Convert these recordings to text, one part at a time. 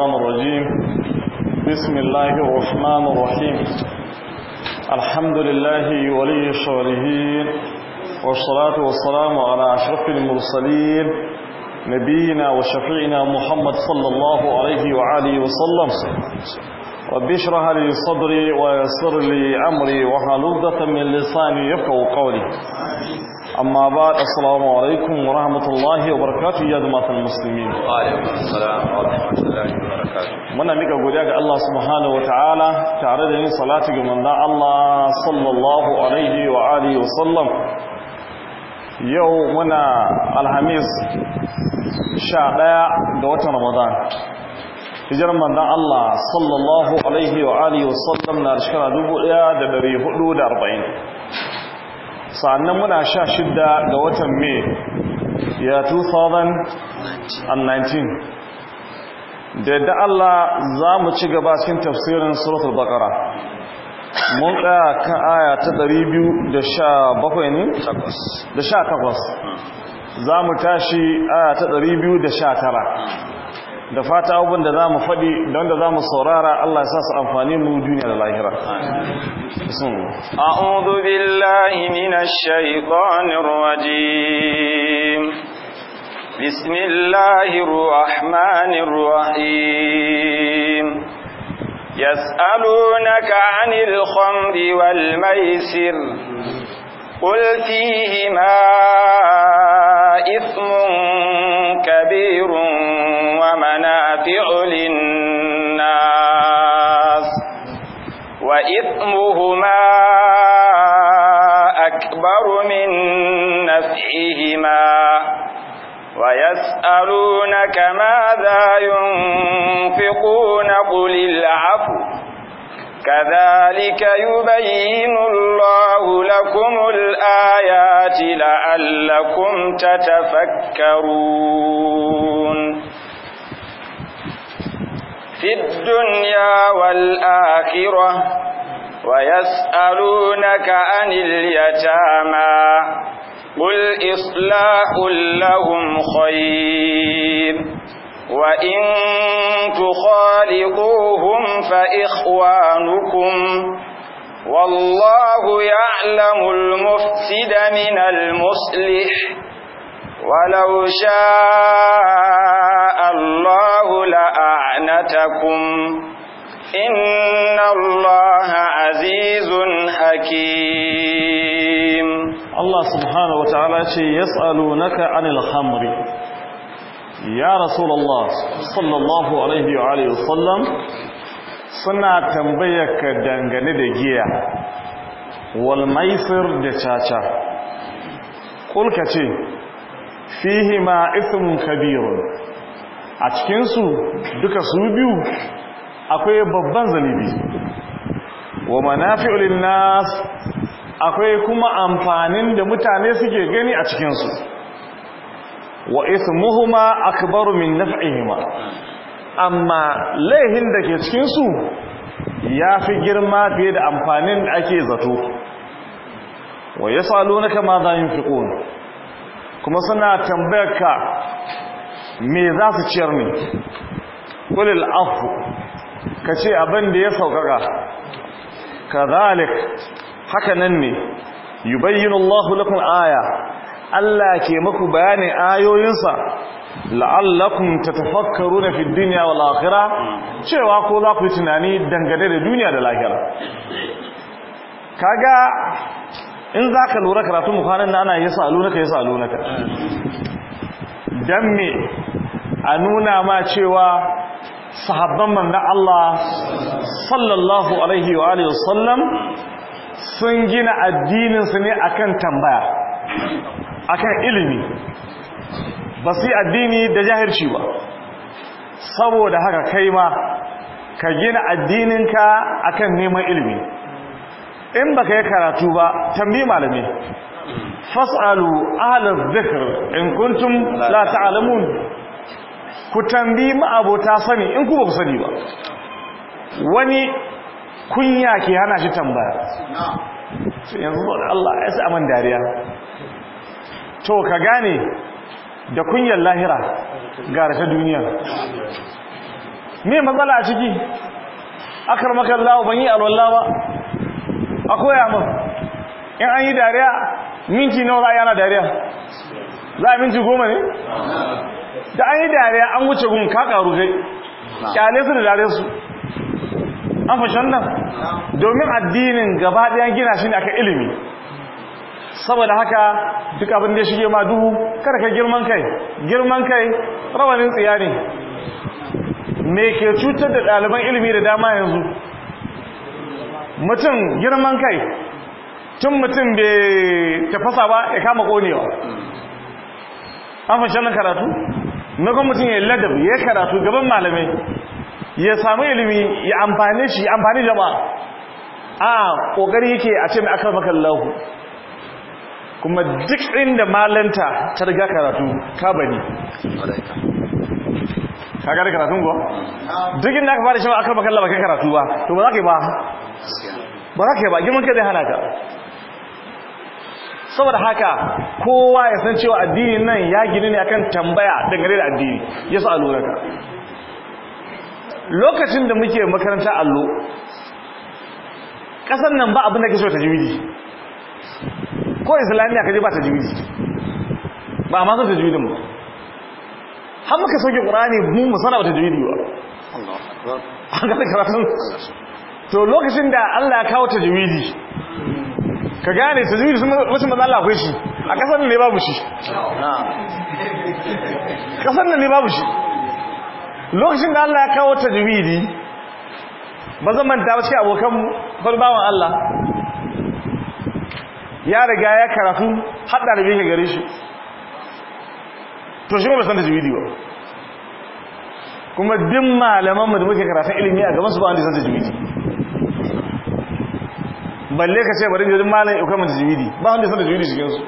الشيطان الرجيم بسم الله الرحمن الرحيم الحمد لله ولي الشوالهين والصلاة والسلام على أشرف المرسلين نبينا وشفيعنا محمد صلى الله عليه وآله وسلم رب اشرح لي صدري ويسر لي أمري وحلوذة من لساني يفقه قولي Amma ba da عليكم ورحمة الله وبركاته يا جماعة المسلمين وعليكم السلام muna mika godiya ga Allah subhanahu Ta'ala tare da yin salatu ga manzon Allah sallallahu alaihi wa alihi wa sallam yau muna alhamis sha ɗaya ga watan Ramadan hijirar manzan Allah sallallahu alaihi wa alihi wa sallam na shekara 1440 sannan muna sha shidda ga watan mai ya 2019 da da Allah za mu ci gaba cikin tafsirin suratul baqara mun tsaya kan aya ta 217 ne da 18 za mu tashi aya ta 219 da fata abin da za mu faɗi da za mu saurara Allah ya sa su amfani mu duniya da lahira. A'udhu billahi minash shaitanir rajim. Bismillahir rahmanir rahim. يسألونك عن الخمر والميسر قل فيهما إثم كبير ومنافع للناس وإثمهما أكبر من نفعهما ويسألونك ماذا ينفقون قل العفو كذلك يبين الله لكم الآيات لعلكم تتفكرون في الدنيا والآخرة ويسألونك عن اليتامى قل إصلاح لهم خير وإن تخالقوهم فإخوانكم والله يعلم المفسد من المصلح ولو شاء الله لأعنتكم إن الله عزيز حكيم الله سبحانه وتعالى يسألونك عن الخمر ya rasulallah sallallahu alaihi wa alihi wasallam suna tambayarka dangane da giya wal maisir da caca kulka ce fihi ma ismun kabirun a cikinsu duka su biyu akwai babban zanibi wa manafi'u nas? akwai kuma amfanin da mutane suke gani a cikinsu wa ismuhuma akbaru min naf'ihima amma laihin da ke cikin su fi girma fiye da amfanin da ake zato wa yasalunaka ma za yunfiqun kuma suna tambayarka me za su ciyar ne kulil afu kace abin da ya saukaka kadhalik haka nan ne yubayyinu Allahu lakum aya Allah ke maku bayanin ayoyinsa la'allakum tatafakkaruna fid dunya wal akhirah cewa ko za ku yi tunani dangane da duniya da lahira kaga in zaka lura karatu mu kwanan nan ana yasalunaka yasalunaka dan me a nuna ma cewa sahabban manzo Allah sallallahu alaihi wa alihi wasallam sun gina addininsu ne akan tambaya akan ilimi ba su addini da jahirci ba saboda haka kai ma ka gina addininka akan neman ilimi in ba ka yi karatu ba tambi malami fas'alu ahalar zikir in kuntum la ta'alamun ku tambi ma'abota sani in ku ba ku sani ba wani kunya ke hana shi tambaya yanzu Allah ya sa man dariya to ka gane da kunyar lahira ga ta duniya me matsala a ciki akar lawa ban yi alwallah ba a koya min in an yi dariya minti nawa za a yana dariya za a minti goma ne da an yi dariya an wuce gun ka karu kyale su da dare su an fashon nan domin addinin gaba ɗaya gina shi ne aka ilimi saboda haka duk abin da shige ma duhu kada ka girman kai girman kai rawanin tsiya ne me ke cutar da ɗaliban ilimi da dama yanzu mutum girman kai tun mutum bai tafasa ba ya kama konewa an fashe na karatu na kuma mutum ya ladab ya karatu gaban malamai ya samu ilimi ya amfani shi amfani jama'a a ƙoƙari yake a ce mai akar makallahu kuma duk inda malanta ta riga karatu ka bani ka gari karatun kuwa duk inda ka fara shi aka baka laba ka karatu ba to ba za ka yi ba ba za ka yi ba girman ka zai hana ka saboda haka kowa ya san cewa addini nan ya gini ne akan tambaya dangane da addini ya sa lura ka lokacin da muke makaranta allo kasan nan ba abin da ke so ta jiwidi ko islamiyya kaje ba ta tajwidi ba ma ta tajwidin mu har muka soke qur'ani mu mu sana ta ba Allahu akbar an ga karatun to lokacin da Allah ya kawo tajwidi ka gane ta sun wasu matsala akwai shi a kasar ne babu shi kasar ne babu shi lokacin da Allah ya kawo tajwidi ba zan manta ba abokan farbawan Allah ya riga ya karatu haɗa da ka gare shi to shi kuma san da tajwidi ba kuma din malaman mu da muke karatun ilimi a gaban su ba wanda san da tajwidi balle ka ce bari da malam ya kuma tajwidi ba wanda san da tajwidi cikin su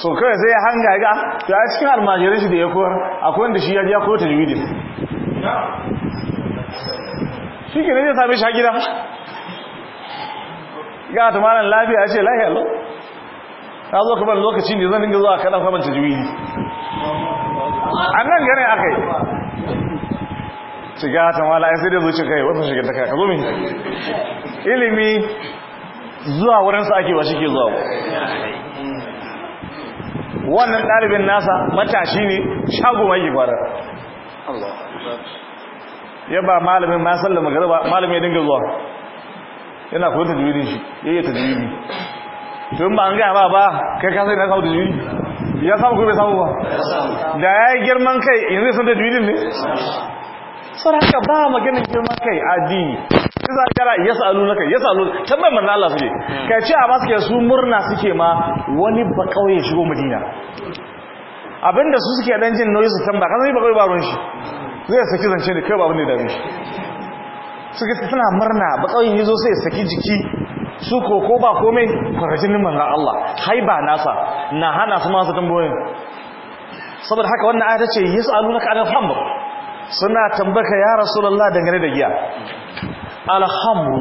so kawai sai ya hanga ga ah, to a cikin almajirin shi da ya koyar akwai wanda shi ya ji ya ta tajwidi shi ke ne zai same shi a gida ga ta malam lafiya ce lafiya lo ta zo kuma lokaci ne zan dinga zuwa kaɗan kwanan tajwidi a nan gane aka yi shiga ta malam ya sai dai zuci kai wasu shiga ta kai ka zo mi ilimi zuwa wurinsa ake ba shi ke zuwa wannan ɗalibin nasa matashi ne shago mai gibara ya ba malamin ma sallama garba malamin ya dinga zuwa yana koyon tajwidin shi yayi tajwidi tun ba an gaya ba ba kai ka sai na samu tajwidi ya samu kuma bai samu ba da ya yi girman kai yanzu sun tajwidin ne sau haka ba maganin girman kai addini a kara ya sa'alu na kai ya sa'alu tambayin manna Allah suke kai ce a ba suke su murna suke ma wani ba kauye shigo madina abinda su suke dan jin nauyi su tamba kan sai ba kauye ba ruwan shi zai saki zance da kai ba abin da ya dame shi suka suna murna ba kauyen yazo sai saki jiki su koko ba komai nan manzon Allah ba nasa na hana su masu tambayoyin saboda haka wannan ayata ce na anil khamr suna tambaka ya rasulallah dangane da giya alhamru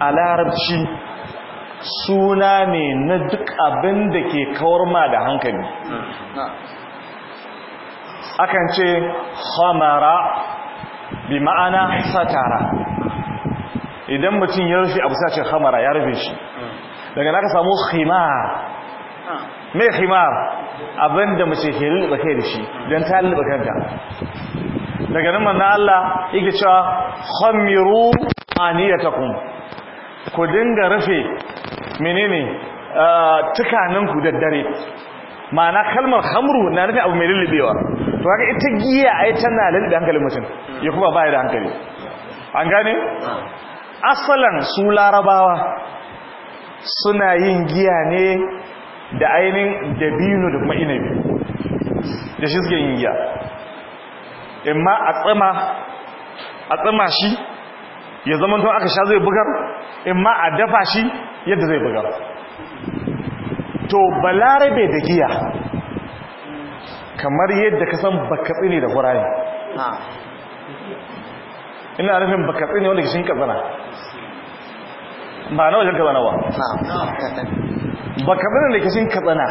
a larabci suna ne na duk abin da ke kawar ma da hankali hmm. akan ce hamara bi ma'ana satara idan mutum ya rufe abu sace khamara ya rufe shi daga naka samu khimar mai khimar abinda mace ke lulluɓa kai da shi don ta lulluɓa kanta daga nan manna Allah yake cewa khamiru aniyatakum ku dinga rufe menene eh, tukaninku daddare, ma'ana kalmar hamru na nufin abu mai lullubewa to haka ita giya yi tana da hankalin mutum ya kuma ba da hankali an gane asalan su larabawa suna yin giya ne da ainihin dabino da kuma inabi da shi suke yin giya imma a tsama shi ya zama tun aka sha zai bugar imma a dafa shi yadda zai bugar to balarabe da giya kamar yadda ka san baka tsine da kurani ina rufin baka tsine wanda kishin kazana ba na wajen kazana ba baka tsine da kishin kazana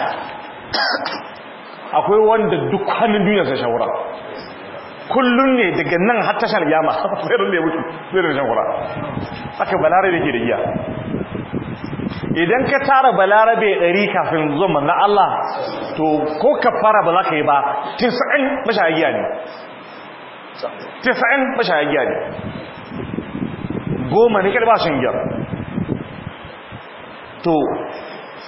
akwai wanda duk hannun duniya sai shawura kullum ne daga nan har tashar yama sai da ya mutu sai da shawara aka balare da ke da giya idan ka tara balarabe ɗari kafin zuwa manzan Allah to ko ka fara ba za ka yi ba tisa'in mashayagiya ne tisa'in mashayagiya ne goma ne kada ba shan giyar to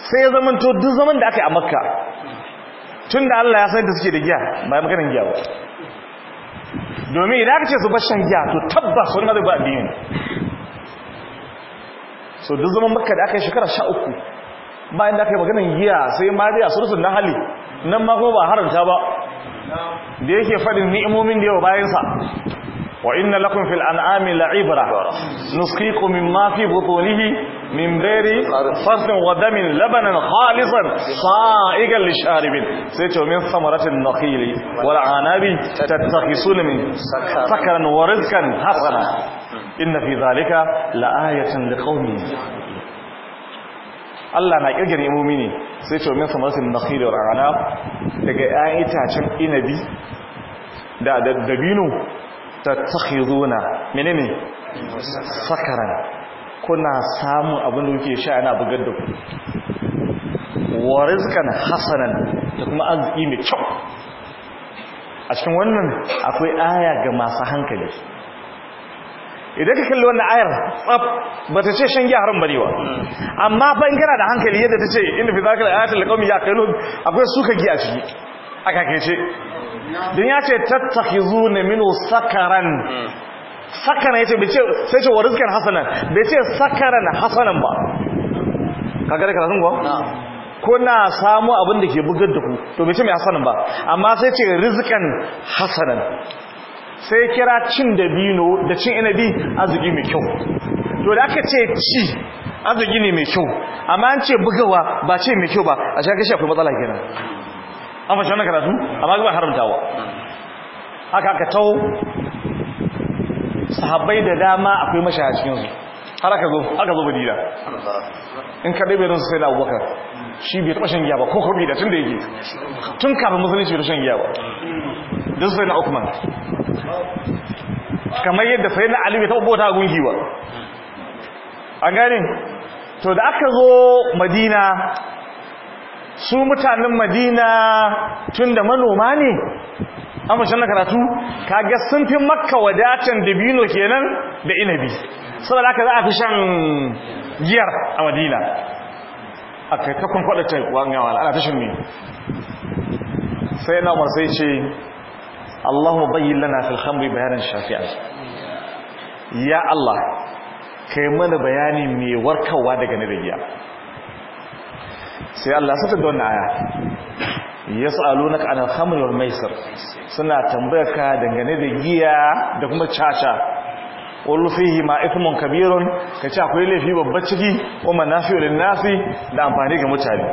sai zaman to duk zaman da aka yi a makka tun da Allah ya sai da suke da giya ba ya makarin giya ba domin idan aka ce su bashan giya to tabbas wani mazai ba biyu so duk zaman makka da aka yi shekara sha uku bayan da aka yi maganin giya sai mariya surutun na hali nan ma kuma ba haranta ba da yake faɗin ni'imomin da yawa bayansa wa inna lakum fil an'ami la'ibra nusqiku mimma fi butunihi min bayri farsin wa damin labanan khalisan sa'igan lisharibin sai ce min samaratin nakhili wal anabi tattakhisuna min sakaran wa rizqan hasana inna fi zalika la'ayatan liqaumin Allah na kirgin ne, sai ce min samasin nakhil wa anab daga ayan itacen inabi da dabino tattakhizuna menene sakaran kuna samun abin da kuke sha ana bugar da ku wa rizqan hasanan da kuma arziki mai kyau a cikin wannan akwai aya ga masu hankali idan ka kalli wannan ayar tsaf ba ta ce shan haram bane wa. amma fa in da hankali yadda ta ce inda fi zakal ayatul qaumi ya kalun akwai suka giya ciki a kakace don ya ce zuwa minhu sakaran Sakaran ya bai ce sai ce wa rizqan hasanan bai ce sakaran hasanan ba kaga da karatun kuwa kuna samu abin da ke bugar da ku to bai ce mai hasanan ba amma sai ce rizikan hasanan sai kira cin dabino da cin inabi arziki mai kyau to da aka ce ci arziki ne mai kyau amma an ce bugawa ba ce mai kyau ba a shaka shi akwai matsala gina an fashe wani karatu amma ga haramtawa haka aka tau sahabbai da dama akwai mashaya cikin su har aka zo aka zo badira in ka bai don su sai da abubakar shi bai taɓa shan giya ba ko kobi da tun da yake tun kafin musulunci bai taɓa shan giya ba don sai na ukman kamar yadda sai na alibi ta bauta gungi ba an to da aka zo madina su mutanen madina tun da manoma ne amashin na karatu kaga sun fi makka wadatan dabino kenan da inabi saboda haka za a fi shan giyar a madina a kai kakon kwaɗa ta ana ta shan ne sai na masai ce Allahumma bayyin lana fil khamri bayanan shafi'a ya Allah kai mana bayani mai warkarwa daga na giya, sai Allah sai da wannan aya yas'alunaka anil khamri wal maisir suna tambayarka ka dangane da giya da kuma caca qul fihi ma ithmun kabirun kace akwai laifi babbar ciki kuma nafi'ul nasi da amfani ga mutane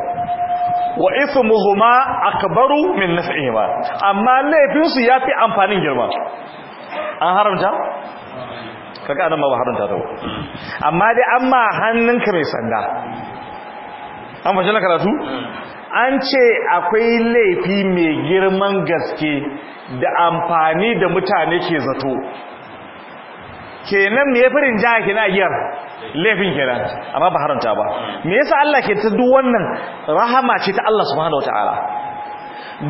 wa ismuhuma akbaru min naf'ihima amma laifin su yafi amfanin girma an haramta kaga anan ma ba haramta ta amma dai amma hannunka mai sanda an fashe na karatu an ce akwai laifi mai girman gaske da amfani da mutane ke zato kenan fi firin jaya kenan giyar laifin kenan amma ba haramta ba me yasa Allah ke ta duk wannan rahama ce ta Allah subhanahu wataala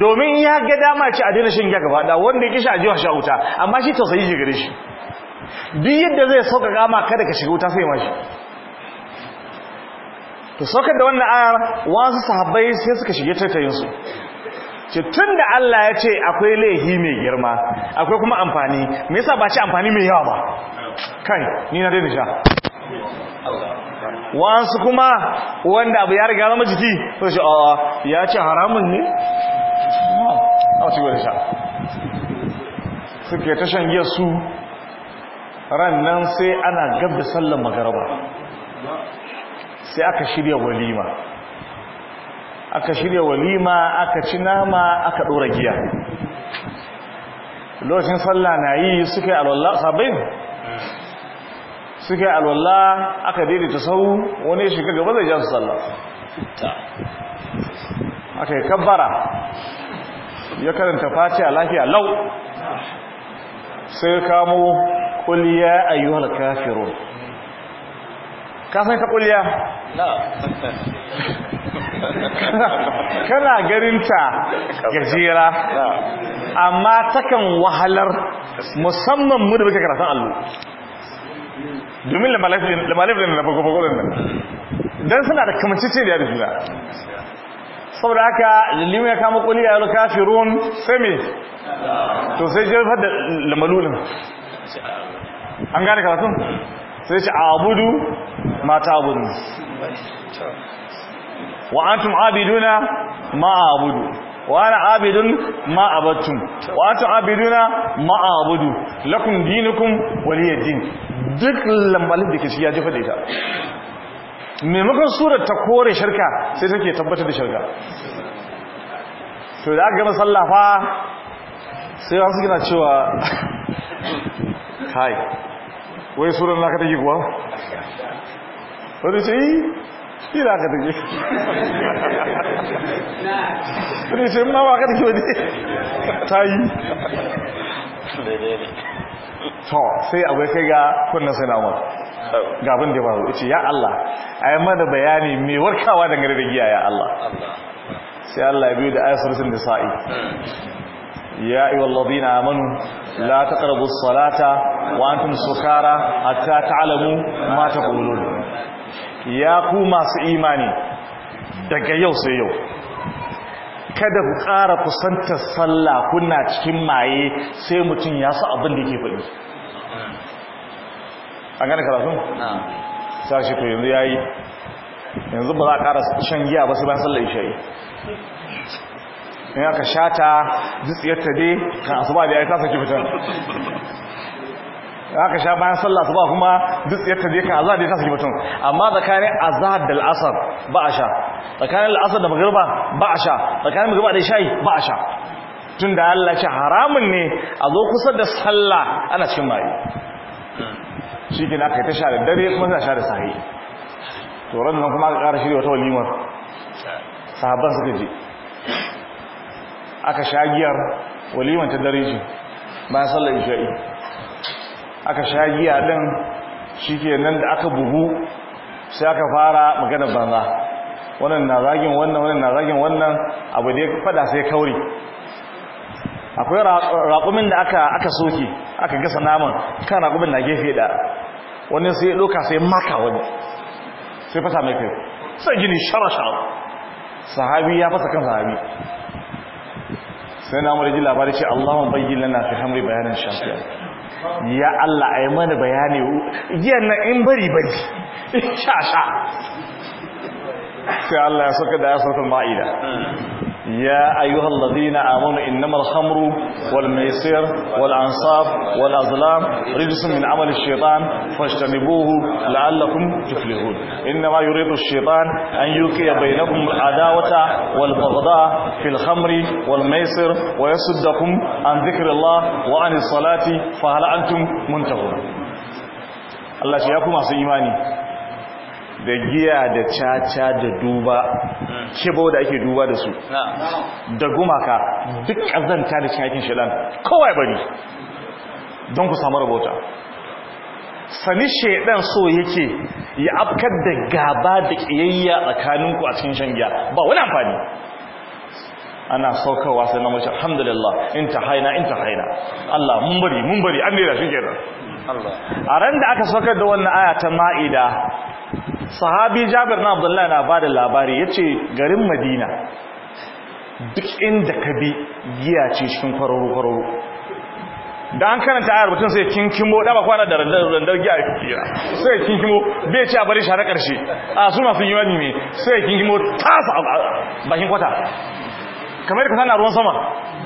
domin ya ga dama ce a daina shan giya gaba da wanda ya kisha ajiya sha wuta amma shi tausayi shi gare shi duk yadda zai sauka ma kada ka shiga wuta sai ma shi to saukar da wannan ayar wasu sahabbai sai suka shige tattayin su ce tun da Allah ya ce akwai laihi mai girma akwai kuma amfani me yasa ba ci amfani mai yawa ba kai ni na daina sha wasu kuma wanda abu ya riga zama jiki ko shi a ya ce haramun ne a ci gwada sha suke ta shan giya su ran nan sai ana gab da sallan magaraba sai aka shirya walima aka shirya walima aka ci nama aka ɗora giya lokacin sallah na yi suka alwallah sabbin suka alwallah aka daidaita sau wani shiga gaba zai ja su sallah aka yi kabbara ya karanta face a lafiya lau sai kamo kuliya ayyuhal kafirun ka san ta kulya kana ganinta gajera amma takan wahalar musamman mu da muke karatun allo domin da na da nan don suna da ce da ya da. saboda haka lalimu ya kama kuli ya luka ruwan sami to sai jirfar da lamalulin an gane karatun sai ce abudu mata abudu wa antum abiduna ma abudu wa ana abidun ma abattum wa antum abiduna ma abudu lakum dinukum waliyaddin duk lambalin da ke shi ya jefa da ita maimakon surar ta kore shirka sai take tabbatar da shirka to da aka gama sallafa sai wasu gina cewa kai wai suran na naka take kuwa wani ce yi eh, yi naka take wani ce ma ba ka take wani ta yi to sai abai kai ga kunna sai namar gabin da faru ce ya Allah a yi mana bayani mai warkawa dangane da giya ya Allah sai Allah ya biyu da sun da sa'i. يا أيها الذين امنوا لا تقربوا الصلاه وانتم سكارى حتى تعلموا ما تقولون يا قوم ايماني daga yau sai yau kada ku ƙara kusantar sallah kuna cikin maye sai mutum ya sa abin da yake faɗi an gane karatun? sashi ko yanzu ya yi yanzu ba za a ƙara shan giya ba sai ba sallah isha'i in aka shata dutsiyarta dai kan asuba da ya ta saki fitar aka sha bayan sallah asuba kuma dutsiyarta dai kan azhar da ya ta saki fitar amma tsakanin azhar da al'asar ba a sha tsakanin al'asar da magriba ba a sha tsakanin magriba da shayi ba a sha tun da Allah ce haramun ne a zo kusa da sallah ana cikin mai shi ke aka yi ta sha da dare kuma za sha da sahi to ran nan kuma aka ƙara shirya wata walimar sahabban suka je aka shagiyar, waliman ta dariji ba sallar isha'i aka shagiya giya din ke nan da aka bugu sai aka fara magana banza wannan na zagin wannan wannan na zagin wannan abu da ya fada sai kauri akwai raƙumin da aka soke aka gasa naman kan raƙumin na gefe da Wannan sai ɗauka sai maka wani sai fata mai kai sai gini shara-shara sahabi ya fasa kan sahabi sai na wani ji labari ce Allahun bayyi lana fi hamri bayanin shafiya ya Allah a yi mana bayani giyan na in bari bari sha sha sai Allah ya sauka da ya sautar ma'ida يا أيها الذين آمنوا إنما الخمر والميسر والأنصاب والأظلام رجس من عمل الشيطان فاجتنبوه لعلكم تفلحون إنما يريد الشيطان أن يوقي بينكم العداوة والبغضاء في الخمر والميسر ويصدكم عن ذكر الله وعن الصلاة فهل أنتم منتهون Allah ce ya ku masu imani da giya da caca da duba hmm. kibo da ake duba da su da gumaka duk ƙazanta da cin aikin shaidan kawai bari don ku samu rubuta, sani shaidan so yake ya afkar da gaba da ƙiyayya tsakaninku a cikin shan giya ba wani amfani ana saukarwa sai na mace alhamdulillah in ta haina in ta haina Allah mun bari mun bari an da shi kenan a ran da aka saukar da wannan aya ta ma'ida sahabi jabir na abdullahi na ba da labari ya ce garin madina duk inda ka bi giya ce cikin kwararo-kwararo da an karanta ayar mutum sai kinkimo ba kwana da randar giya ya fi sai kinkimo bai ce a bari shara karshe ƙarshe a su masu yi wani ne sai kinkimo tasa a bakin kwata kamar ka sana ruwan sama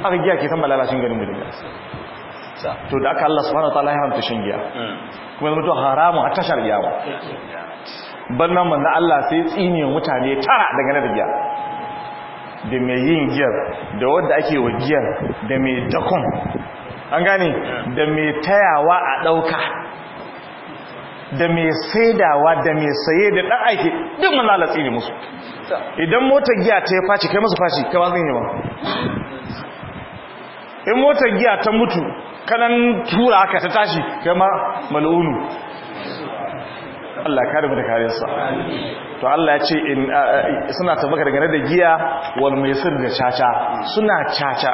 aka giya ke san malalacin garin madina to da aka Allah subhanahu wataala ya haramta shan giya hmm. kuma zama to haramu a tashar giya ba nan manzo Allah sai tsiniyar mutane tara daga na giya da mai yin giyar da wanda ake wa giyar da mai dakon an gane hmm. da mai tayawa a dauka da mai saidawa da mai saye da dan aiki duk mun lalace ne musu idan motar giya ta yi faci kai musu faci kai ba zan yi ba in motar giya ta mutu kanan tura aka ta tashi kama mal'unu Allah kare mu da kariyarsa to Allah ya ce in suna tabbaka daga da giya wal maisir da caca suna caca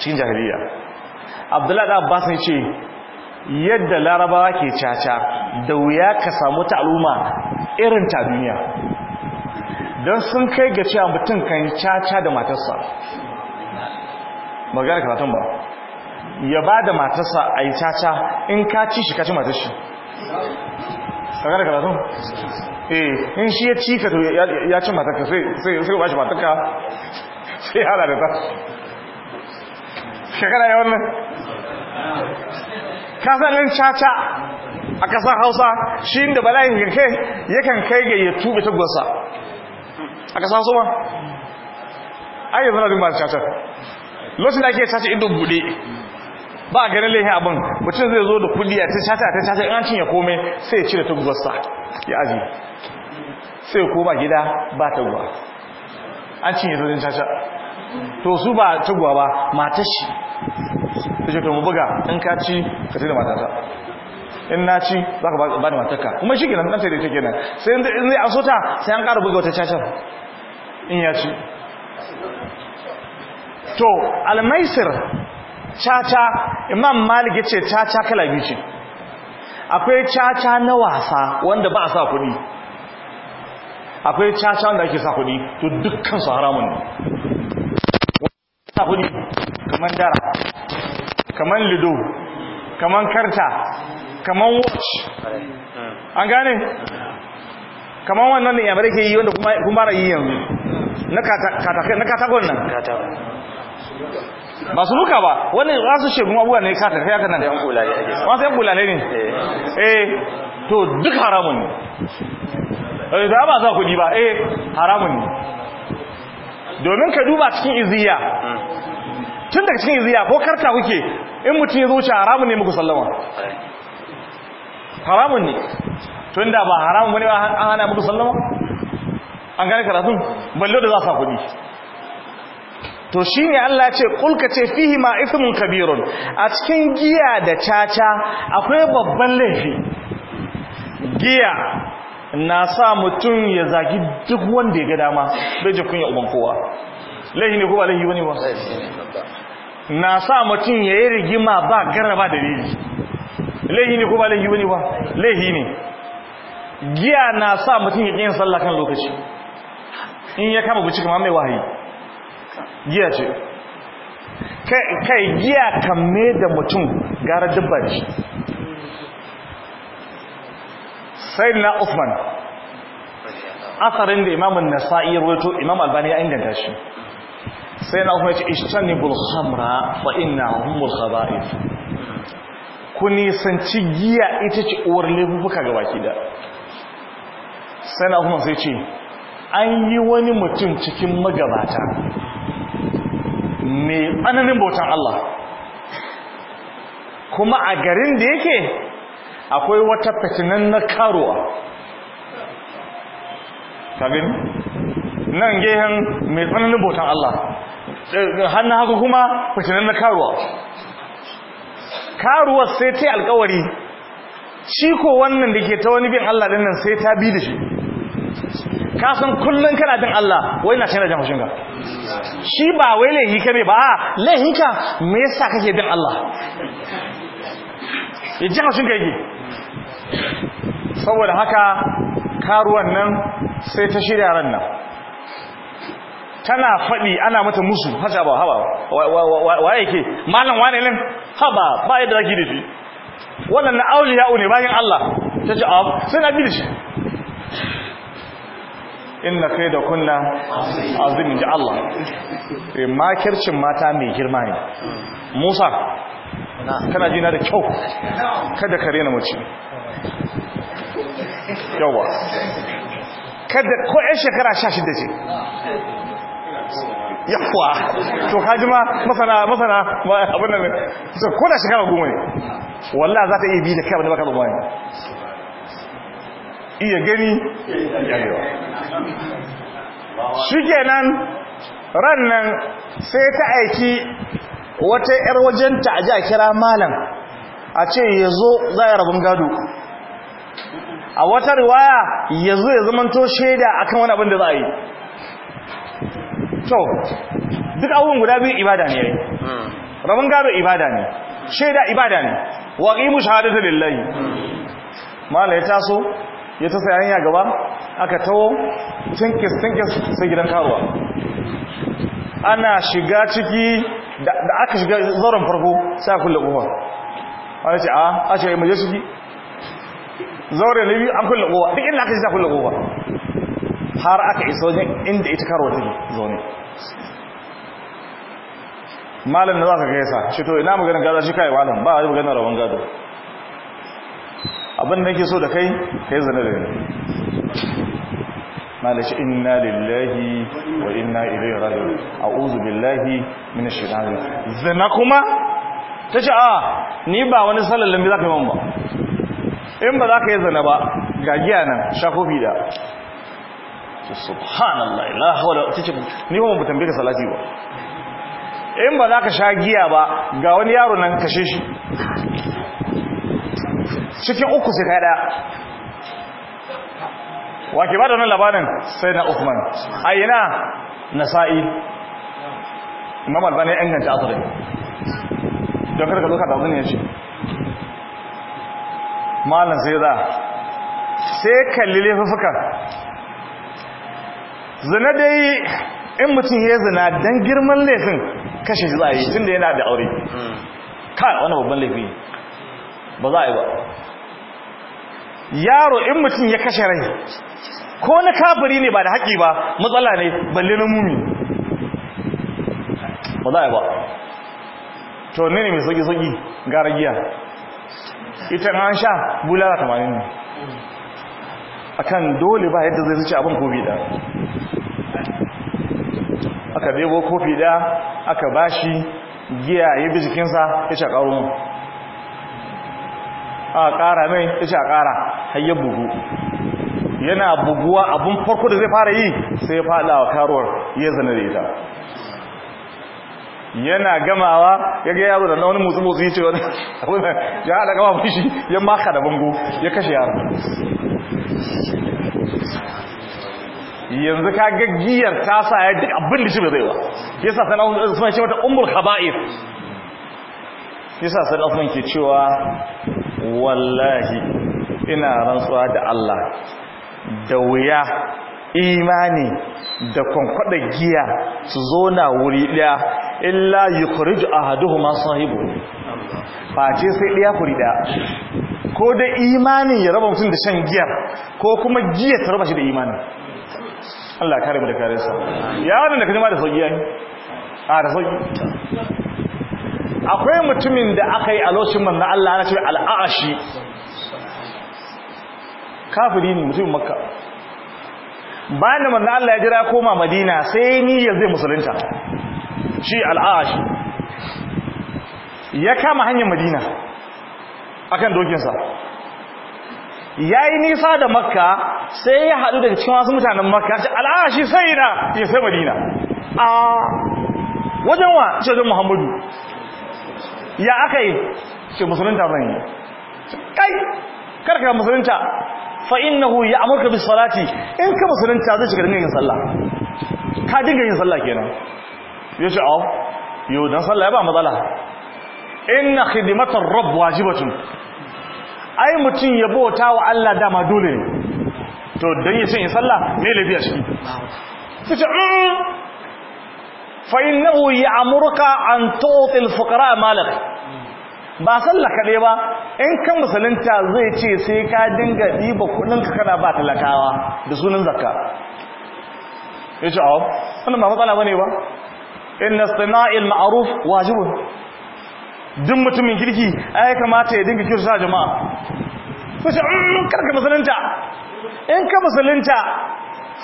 cikin jahiliya Abdullahi da Abbas ne ce yadda larabawa ke caca da wuya ka samu ta al'umma irin ta duniya don sun kai ga cewa mutum kan caca da matarsa magana karatun ba ya ba da matarsa a yi caca in ka ci shi ka ci matar shi kaga da karatu eh in shi ya ci ka to ya ci matarka sai sai ba shi matarka sai ya da ta shekara ya wannan kasanin caca a ƙasar hausa shi inda bala'in girke yakan kai ga ya tube gwasa a ƙasar hausa ma? a yanzu na jin caca lokacin da ake caca ido buɗe ba ganin laihin abin mutum zai zo da kudi ta cata ta cata in an cinye komai sai ya cire tugwarsa ya aji sai ya koma gida ba taguwa an cinye tozin cata to su ba taguwa ba matashi ta ce to mu buga in ka ci ka ce da matata in na ci za ka ba da mataka kuma shi gina nan tare ta kenan sai in zai an ta sai an ƙara buga wata cacar in ya ci to almaisir caca imam malik ce caca kala biyu ce akwai caca na wasa wanda ba a sa kuɗi akwai caca wanda ake sa kuɗi to dukkan su haramun ne sa kudi kamar dara kamar lido kamar karta kamar watch an gane kamar wannan ne yamar ke yi wanda kuma mara yi yanzu na katakon nan ba su nuka ba wani za su shegun abuwa ne ka tafiya ka nan masu yan kulale ne eh. eh to duk haramun ne eh, da ba za kudi ba eh haramun ne domin ka duba cikin iziya hmm. tun daga cikin iziya ko karta kuke in mutum ya zuce haramun ne muku sallama haramun ne tun da ba haramun wani an hana muku sallama an gane karatun ballo da za su kuɗi to shi ne Allah ce kulka ce fihi ma ismun kabirun a cikin giya da caca akwai babban laifi giya na sa mutum ya zagi duk wanda ya ga dama bai ji kunya uban kowa laifi ne ko ba laifi wani ba na sa mutum ya yi rigima ba garaba da laifi laifi ne ko ba laifi wani ba laifi ne giya na sa mutum ya ƙin sallah kan lokaci in ya kama bici kamar mai wahayi giya ce kai giya kan me da mutum gara dabba ce sai na usman asarin da imamun nasa'i ya imam albani ya inganta shi sai na usman ya ce ishtanibul bulhamra fa ina humul khaba'if ku nisanci giya ita ce uwar laifuka ga baki da sai na usman sai ce an yi wani mutum cikin magabata mai tsananin bautan Allah kuma a garin da yake akwai wata fitinan na karuwa kagin nan gehen mai tsananin bautan Allah hannun eh, haka kuma fitinan na karuwa karuwar sai ta yi alkawari shi ko wannan da ke ta wani bin Allah dinnan nan sai ta bi da shi ka san kullum kana bin Allah wai na canza da haushin shi ba wai laihi ka ne ba laihi ka me yasa kake bin Allah ya eh, ji haushin yake saboda haka karuwan nan sai ta shirya ran nan tana faɗi ana mata musu haka ba haba waye ke malam wane nan haba ba yadda zaki da shi wannan na auliya ne bayan Allah ta ce abu sai na bi da shi inna kai da kunna azimin ji Allah eh, makircin mata mai girma ne musa kana jina da kyau kada ka rena mace yawa kada ko 'yan shekara sha shida ce yawa to kaji ma masana masana abin da ko da shekara goma ne wallah za ta iya bi da kai abin da baka tsammani iya gani shi kenan ran nan sai ta aiki wata 'yar wajenta ta aje a kira malam a ce ya zo za a rabin gado a wata riwaya ya zo to sheda akan wani abin da za a yi to duk abubuwan guda biyu ibada ne yayi rabin gado ibada ne shaida ibada ne waqimu shahadatu lillahi malai ya taso ya ta sayan ya gaba aka tawo tinkis tinkis sai gidan karuwa ana shiga ciki da aka shiga zauren farko sai a kulle kowa a ce a ah, a ce mai ciki zaure na biyu an kulle kowa duk inda aka shi ta kulle kowa har aka iso inda ita karuwa take zaune malam na za ka gaisa ce to ina maganin gada shi kai malam ba a yi maganin rabon gado abin da ke so da kai kai zane da da shi inna lillahi wa inna ilai rari a uzu billahi mini shirin zana kuma ta ce a ni ba wani salallin bi za ka yi man ba in ba za ka yi zana ba ga giya nan shafofi da subhanallah la ta ce ni ba mu bai ka salati ba in ba za ka sha giya ba ga wani yaro nan kashe shi cikin uku su kada wake ba da nan labarin sai na ukman a na nasa'i imam albani ya inganta asirin don karka ka zo ka tabbin ya ce malin sai za sai kalli laifuka zina dai in mutum ya zina don girman laifin kashe zai yi tun da yana da aure hmm. ka wani babban laifi ba za a yi ba yaro in mutum ya kashe rai ko na kafiri ne ba da haƙi ba matsala ne balle na mumi ba za a yi ba to ne ne mai sauƙi-sauƙi gara giya ita an sha bulala tamanin ne A kan dole ba yadda zai zuci abin kofi da aka debo kofi da aka bashi giya ya bi jikinsa ya shaƙa ruwan a ƙara mai ya a ƙara hayya bugu yana buguwa abun farko da zai fara yi sai ya wa karuwar ya zane da ita yana gamawa ya ga yaro da wani motsi motsi ya ce wani ya haɗa gama fushi ya maka da bango ya kashe yaro yanzu ka gaggiyar ta sa ya duk abin da shi bai zaiwa. ya sa sana da suna ce mata umar haba'ir ya sa sana usman ke cewa wallahi ina rantsuwa da Allah da wuya imani da kwankwada giya su zo na wuri ɗaya illa yi kuriju a haduhu masu haibu face sai ɗaya kuri ɗaya ko da imanin ya raba mutum da shan giyar ko kuma giyar ta raba shi da imanin Allah kare mu da kare sa yaron da kalima da sauki yi a da sauki akwai mutumin da aka yi a lokacin manzan Allah na ce al'ashi kafiri ne mutumin makka bayan da manzan Allah ya jira koma madina sai niyyar zai musulunta shi al'ashi ya kama hanyar madina akan dokinsa ya yi nisa da makka sai ya haɗu daga cikin wasu mutanen makka ce al'ashi sai na ya sai madina a wajen wa ce wajen muhammadu ya aka yi ce musulunta zan yi kai karka musulunta fa innahu ya'muruka bis salati in ka musulunta zai shiga dinga yin sallah ka dinga yin sallah kenan ce aw yo dan sallah ba matsala inna khidmatar rabb wajibatun ai mutun ya bauta wa Allah dama dole ne to dan yace in sallah me lafiya shi sai ce fa innahu ya'muruka an tu'ti al-fuqara ba sallaka ne ba in kan musulunta zai ce sai ka dinga ɗiba kuɗinka kana ba talakawa da sunan zakka ya ce awo wannan ba matsala bane ba inna sana'il ma'ruf wajibun duk mutumin kirki ai kamata ya dinga kirsa jama'a sai ce in karka musulunta in ka musulunta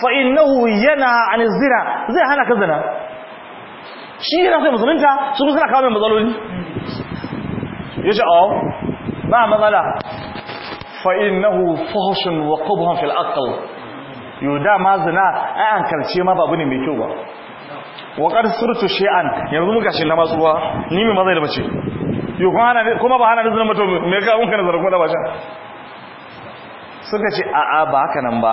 fa innahu yana an zina zai hana ka zina shi yana sai musulunta su suna kawo mai matsaloli ya ce awo oh, ba matsala fa'innahu fahushin wa kubuhan fil'akal yau dama zina a hankalce ma babu ne mai kyau ba waƙar surutu shi'an yanzu muka shi na masu ruwa ni mai mazai da mace yau kuma ba hana nizinin mutum mai kawun na nazarin kuma da bashan suka ce a'a ba haka nan ba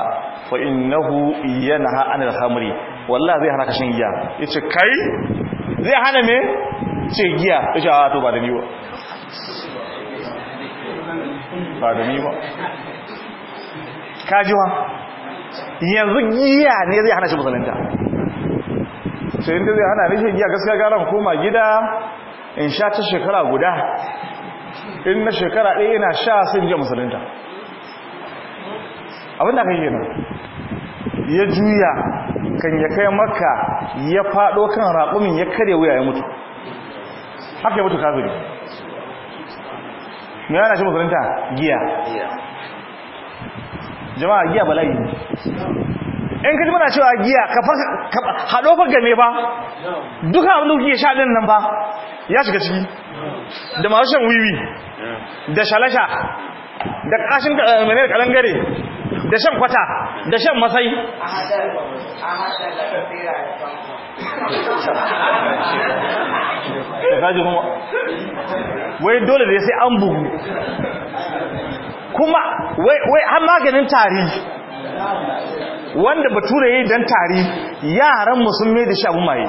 fa innahu yanha anil khamri wallahi zai hana kashin giya. Ya ce kai zai hana me ce giya ta ce a ah, to ba da ni ba ba da ni ba kajiwa yanzu giya ne zai hana shi musulunta sai yin zai hana nishin giya gaskiya garan koma gida in sha ta shekara guda in na shekara ɗaya yana sha sai jiya musulunta abinda aka yi yana ya juya kan ya kai makka ya fado kan raƙumin ya kare wuya ya mutu haka ya mutu kafiri me yana shi musulunta giya jama'a giya bala'i in ka ji muna cewa giya haɗo fa game ba duka abin da kuke sha ɗin nan ba ya shiga ciki da masu shan wiwi da shalasha da kashin eh, mene kalangare da shan kwata da shan masai wai dole da sai an bugu kuma wai har maganin tari wanda bature yi don tari yaran musulmi da shabu maye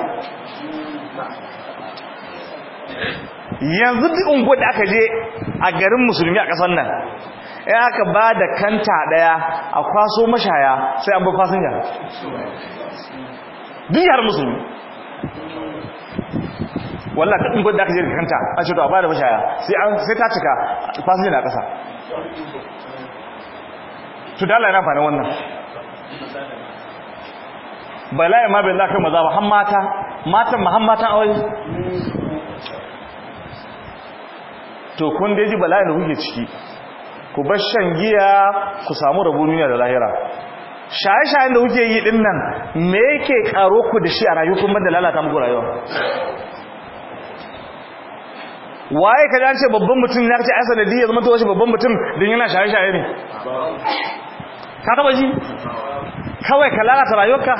yanzu duk unguwar da aka je a garin musulmi a ƙasar nan ya aka ba da kanta ɗaya a kwaso mashaya sai an bi fasinja duk musulmi wallah ta unguwar da aka je da kanta a ce to a ba da mashaya sai ta cika fasinja na ƙasa Su dala yana amfani wannan ya ma bai za ka maza ba han mata matan ma aure to kun dai ji bala'in da kuke ciki ku bar shan giya ku samu rabu duniya da lahira shaye-shayen da kuke yi din nan me yake karo ku da shi a rayu kun banda lalata muku rayuwa waye ka dace babban mutum ya ce asa diya zama to shi babban mutum din yana shaye-shaye ne ka taba ji kawai ka lalata rayuwarka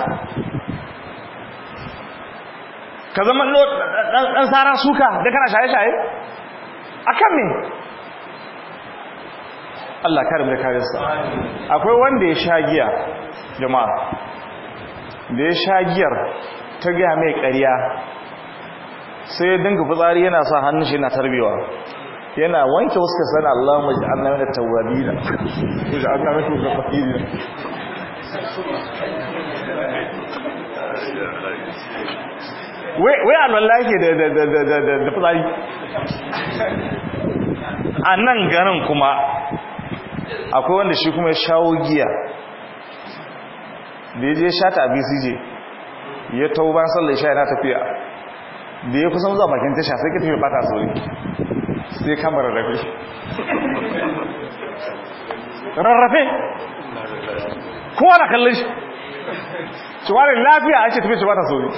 ka zama dan tsara suka da kana shaye-shaye akan me Allah karim da karinsa akwai wanda ya sha giya jama'a da ya sha giyar ta gaya mai ƙarya sai dinga fitsari yana sa hannun shi yana tarbewa yana wanke wasu ka sana Allah mai annan da tawabi da kuji annan da taurari da wai a nan lafi da fitsari a nan ganin kuma akwai wanda shi kuma ya shawo giya da ya je sha ta bcj ya tau ban sallai sha yana tafiya da ya kusan zuwa bakin tasha sai ka tafi bata sauri sai kamar rarrafe rarrafe kowa na kallon shi tsawarin lafiya an ce tafi su ba ta soyi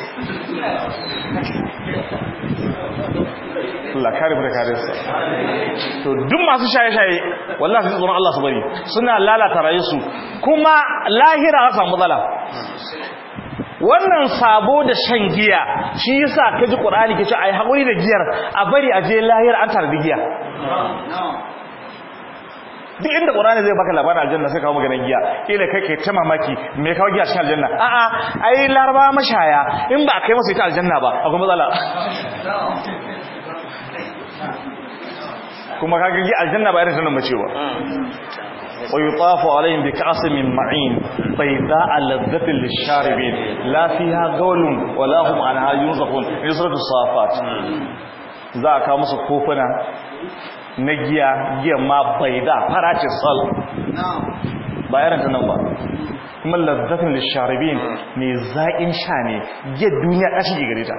Allah kare mu kare su to duk masu shaye-shaye wallafi sun zuwa Allah su bari suna lalata su kuma lahira a samu zala wannan sabo da shan giya shi yasa kaji ce a yi haƙuri da giyar a bari a je lahira an tarbi giya duk inda qur'ani zai baka labarin aljanna sai kawo maganar giya kila kai kai ta mamaki me kawo giya cikin aljanna a'a ai laraba mashaya in ba kai masa ita aljanna ba akwai matsala kuma kaga gigi aljanna ba irin sunan mace ba ويطاف عليهم بكأس من معين بيضاء لذة للشاربين لا فيها غول ولا هم عنها ينزفون يسرد الصافات za a kawo musu kofuna na giya giya ma bai da faracin sal ba yaran ta nan ba kuma lazzatin lisharibin mm. mai zaƙin sha ne giya duniya ƙashi ke gare ta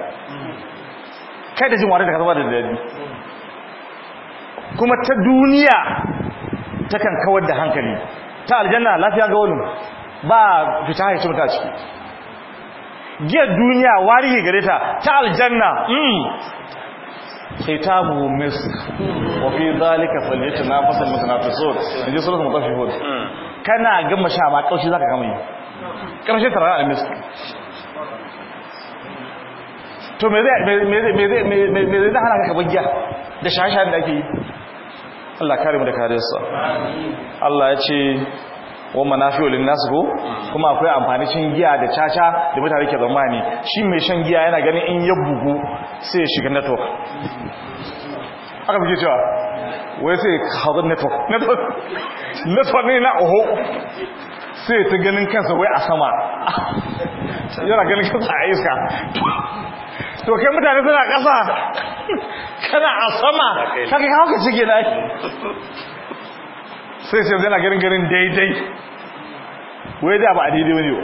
kai da jin wata da ka zama da daji kuma ta duniya ta kan kawar da hankali ta aljanna lafiya ga wani ba fita haishi mutu ta ciki giya duniya wari ke gare ta ta aljanna mm. misk مسك وفي ذلك فليتنافس المتنافسون نجي سوره المطففون kana gama sha ma kaushi zaka gama yi karshe tara al miskin to me zai me zai me zai me zai hana ka bugiya da shashan da ake yi Allah kare mu da amin Allah ya ce wa manafi'u linnas ko kuma akwai amfani cin giya da caca da mutane ke ne shi mai shan giya yana ganin in ya bugu sai ya shiga network aka suke cewa wai sai hazard network network ne na oho sai ta ganin kansa wai a sama yana ganin kansa a iska to kai mutane suna ƙasa kana a sama kaka ka cike na sai sai na garin garin daidai wai da ba a daidai wani ba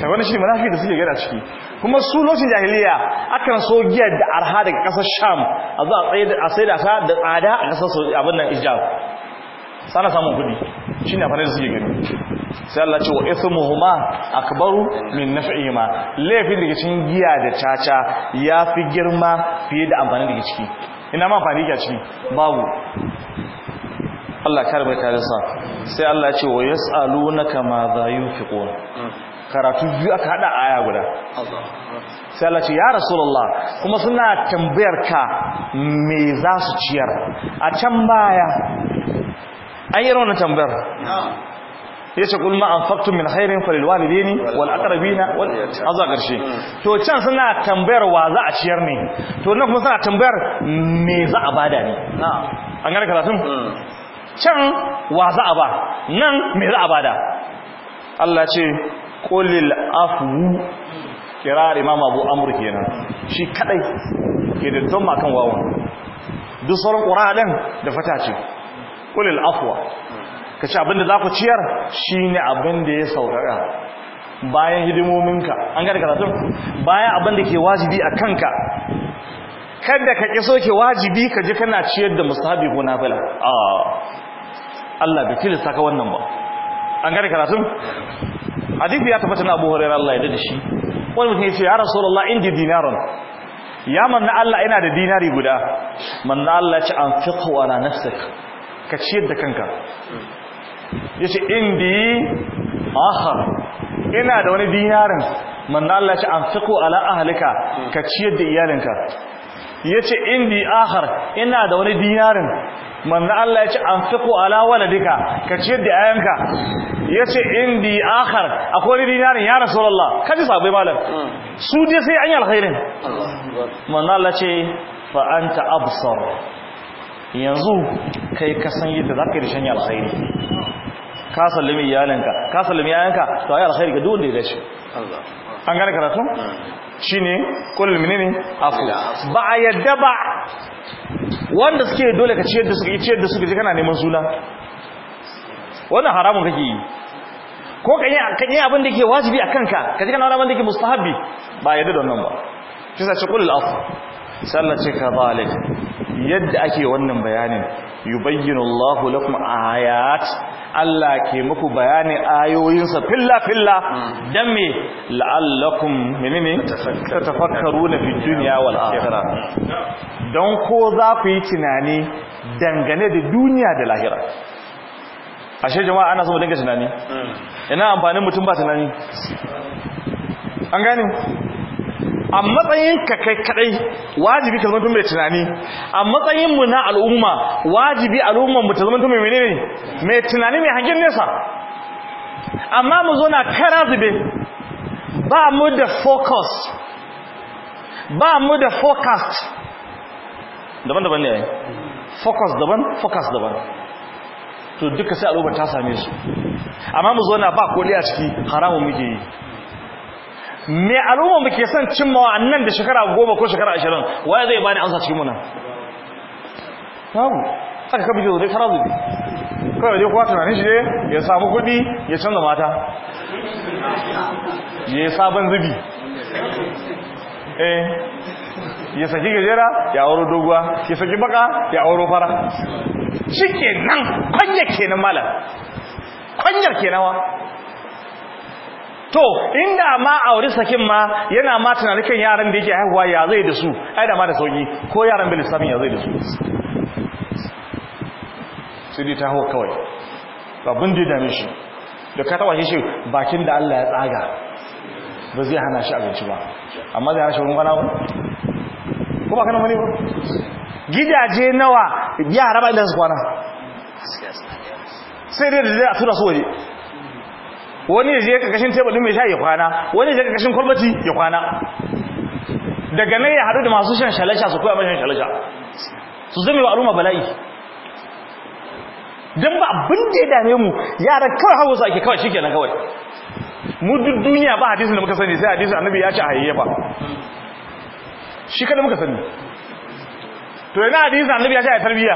ta wani shi manafi da suke gada ciki kuma su lokacin jahiliya akan so giya da arha daga kasar sham a za a sai da ta da tsada a kasar su abin nan ijab sana samun kudi shi ne farin suke gani sai Allah ce wa ithmuhuma akbaru min naf'ihima laifin daga cikin giya da caca ya fi girma fiye da amfani daga ciki ina ma amfani da ciki babu Allah karbe tarinsa sai Allah ce wa yas'alunaka ma za yunfiqun karatu biyu aka hada aya guda sai Allah ce ya rasulullah kuma suna tambayar ka me za su ciyar a can baya an yi rauna tambayar ya ce kulma an faktun min hairin falil walidini wal aqrabina wal azza karshe to can suna tambayar wa za a ciyar ne to nan kuma suna tambayar me za a bada ne an gane karatun mm. can wa za a ba nan me za a da? Allah ce qulil afu kirar imama abu amr kenan shi kadai ke da tumma kan wawan duk sauran qur'a da fata ce qulil afwa kace abinda za ku ciyar shine abinda ya saurara bayan hidimominka an ga karatu bayan abinda ke wajibi a kanka kada ka ƙi soke wajibi ka ji kana ciyar da musahabi ko nafila ah. Allah bai tilasta ka wannan ba an gane karatun hadith ya tabbata na Abu Hurairah Allah ya dade shi wani mutum ya ce ya Rasulullah indi dinaran ya manna Allah ina da dinari guda manna Allah ya ce anfiqhu ala nafsik ka ciyar da kanka yace indi akhar ina da wani dinarin manna Allah ya ce anfiqhu ala ahlika ka ciyar da iyalinka yace indi akhar ina da wani dinarin manzo Allah ya ce fiku ala waladika ka ciyar da ayanka yace indi akhar akwai dinarin ya rasulullah ji sabai malam hmm. su dai sai an yi alkhairin manzo Allah ce fa anta absar yanzu kai ka san yadda zaka yi shan alkhairi ka sallimi iyalanka ka sallimi ayanka to ayi alkhairi ga dole da dace an gane karatu hmm. shine kullum menene afu ba yadda ba wanda suke dole ka ciyar da suke ciyar da suke kaje kana neman suna wannan haramun kake yi ko kan yi kan yi abin da yake wajibi a kanka kaje kana wani abin da yake mustahabi ba yadda da wannan ba kisa ce qul afu sallace ka zalik yadda ake wannan bayanin yubayyinu Allahu lakum ayat Allah ke muku bayanin ayoyinsa filla filla hmm. dan me la'allakum menene tafakkaruna fi dunya wal akhirah don ko za ku yi tunani dangane da duniya da lahira ashe jama'a ana so mu dinga tunani hmm. ina amfanin mutum ba tunani an gane a matsayin ka kai kadai wajibi ka zama mai tunani a matsayin mu na al'umma wajibi al'umman mu ta zama mai menene mai tunani mai hangen nesa amma mu zo na kara zube ba mu da focus ba mu da focus daban-daban ne focus daban focus daban to duka sai al'ubar ta same su amma mu zo na ba koli a ciki haramun muke yi me al'umma muke son cimmawa nan da shekara goma ko shekara ashirin waya zai bani ansa cikin muna babu aka kabi jizo dai kara zubi kawai dai kuwa tunanin shi ya samu kudi ya canza mata ya yi sabon zubi eh ya saki gajera ya auro doguwa ya saki baka ya auro fara shi ke nan kwanyar ke nan malam kwanyar ke nawa to inda ma auri sakin ma yana ma tunanin kan yaran da yake haihuwa ya zai da su ai da ma da sauki ko yaran bil islamin ya zai da su sai dai ta hau kawai abin da ya dame shi da ka taba shi bakin da Allah ya tsaga ba zai hana shi abinci ba amma zai hana shi wurin kwana ko ba kana wani ba gidaje nawa yara ba inda su kwana sai dai da zai a tura su waje wani je kakashin tebalin mai sha ya kwana wani ka kashin kwalbati ya kwana daga nan ya haɗu da masu shan shalasha su koya mashan shalasha su zama wa aluma bala'i don ba abin da ya dame mu yara kawai hawa su ake kawai shi kenan kawai mu duk duniya ba hadisin da muka sani sai hadisin annabi ya ce ba shi kada muka sani to yana hadisin annabi ya ce a tarbiyya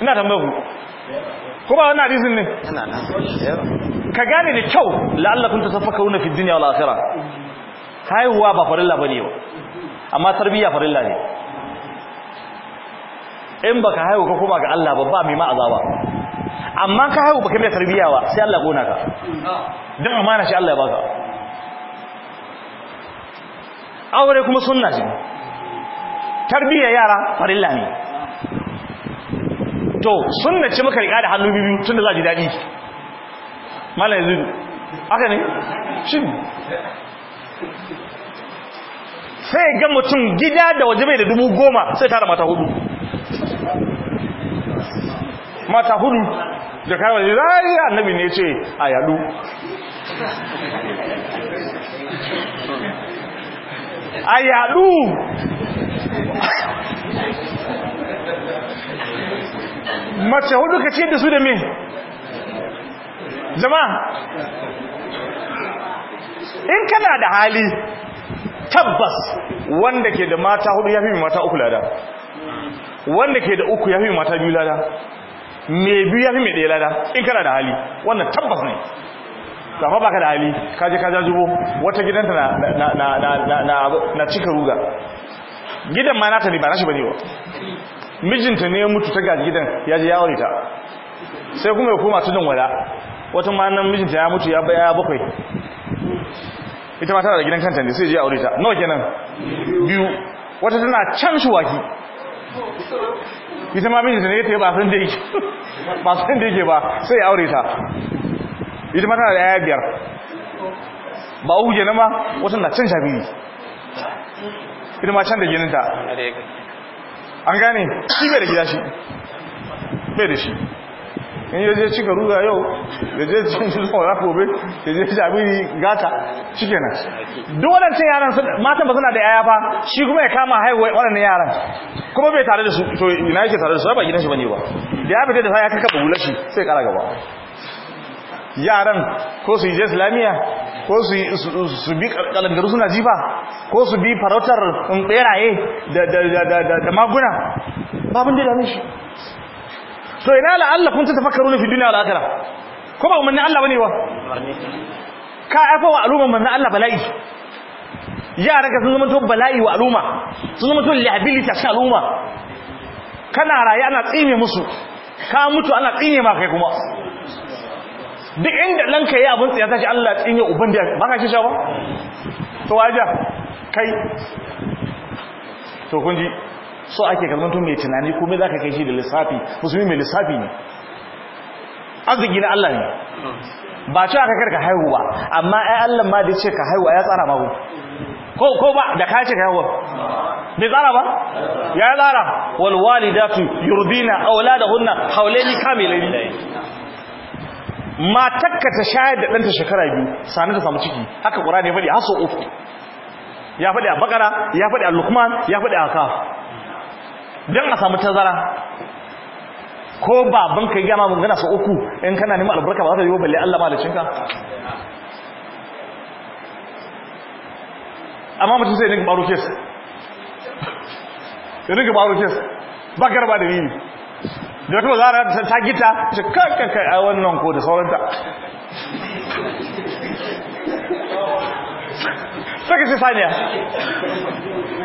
ina tambayar ku kuma wannan hadisin ne ka gane da kyau la'allakum tasaffakaruna fi dunya wal akhirah haihuwa ba farilla bane ba amma tarbiyya farilla ne in baka haihu ka kuma ga Allah ba, ba mai ma azaba amma ka haihu baka mai tarbiyya ba sai Allah gona ka dan amana shi Allah ya baka aure kuma sunna ce tarbiyya yara farilla ne to sunna ce muka riƙa da hannu biyu da za ji daɗi malam yanzu aka ne shi sai ga mutum gida da waje mai da dubu goma sai tara mata hudu mata hudu da kawai zai annabi ne ce a yadu a yadu mace hudu ka ce da su da me Jama in kana da hali tabbas wanda ke da mata hudu ya fi mata uku lada wanda ke da uku ya fi mata biyu lada mai biyu ya fi mai ɗaya lada in kana da hali wannan tabbas ne kafa baka da hali kaje kaji jajubo wata gidanta na cika ruga gidan ma nata ne ba nashi ne ba. mijinta ne ya mutu ta gaji gidan ya ji yawon aure ta sai kuma ya koma tunan wada wata ma nan mijinta ya mutu ya baya bakwai ita ma tana da gidan kanta ne sai ji aure ta nawa kenan biyu wata tana can shuwaki ita ma mijinta ne ta ba san da yake ba san da yake ba sai aure ta ita ma tana da yaya biyar ba uku kenan ma wata na can shafi ita ma can da gininta an gane shi bai da gida shi bai da shi in yaje cika ruga yau da je cin zuwa ra gobe da je jabiri gata shikenan duk wadancin yaran matan ba suna da yaya ba shi kuma ya kama haihuwa wadannan yaran kuma bai tare da su to ina yake tare da su ba gidan shi bane ba da ya fita da sai ya kaka bulan shi sai kara gaba yaran ko su yi je islamiya ko su bi kalangaru suna jifa ko su bi farautar um, beraye da maguna babin da dame shi so ina Allah kun ta tafakkaru na fi duniya al'akara ko ba umarnin Allah bane wa ka aifa wa al'umma manzan Allah bala'i yaran ka sun zama to bala'i wa al'umma sun zama to liability a al'umma kana raye ana tsime musu ka mutu ana tsime ma kai kuma duk inda ka yi abin tsaya ce Allah yi uban da ba ka ci sha ba to wajen kai to kun ji so ake tun mai tunani komai za ka kai shi da lissafi musulmi mai lissafi ne arziki na Allah ne ba cewa ka karka haihu ba amma ai Allah ma da ce ka haihu ya tsara ma ko ko ba da ka ce ka haihu bai tsara ba ya tsara wal walidatu yurdina auladahunna hawlaini kamilaini matakka ta shayar da ɗanta shekara biyu sani ta samu ciki haka ƙura ne faɗi haso uku ya faɗi a bakara ya faɗi a lukman ya faɗi a kaf don a samu tazara ko ba ka yi gama gana su uku in kana neman albarka ba za ta yi wa balle Allah cinka amma mutum sai rinka baro kes rinka baro ba garba da yi da kuma zara ta gita ta kakakai a wannan ko da sauranta saka ce saniya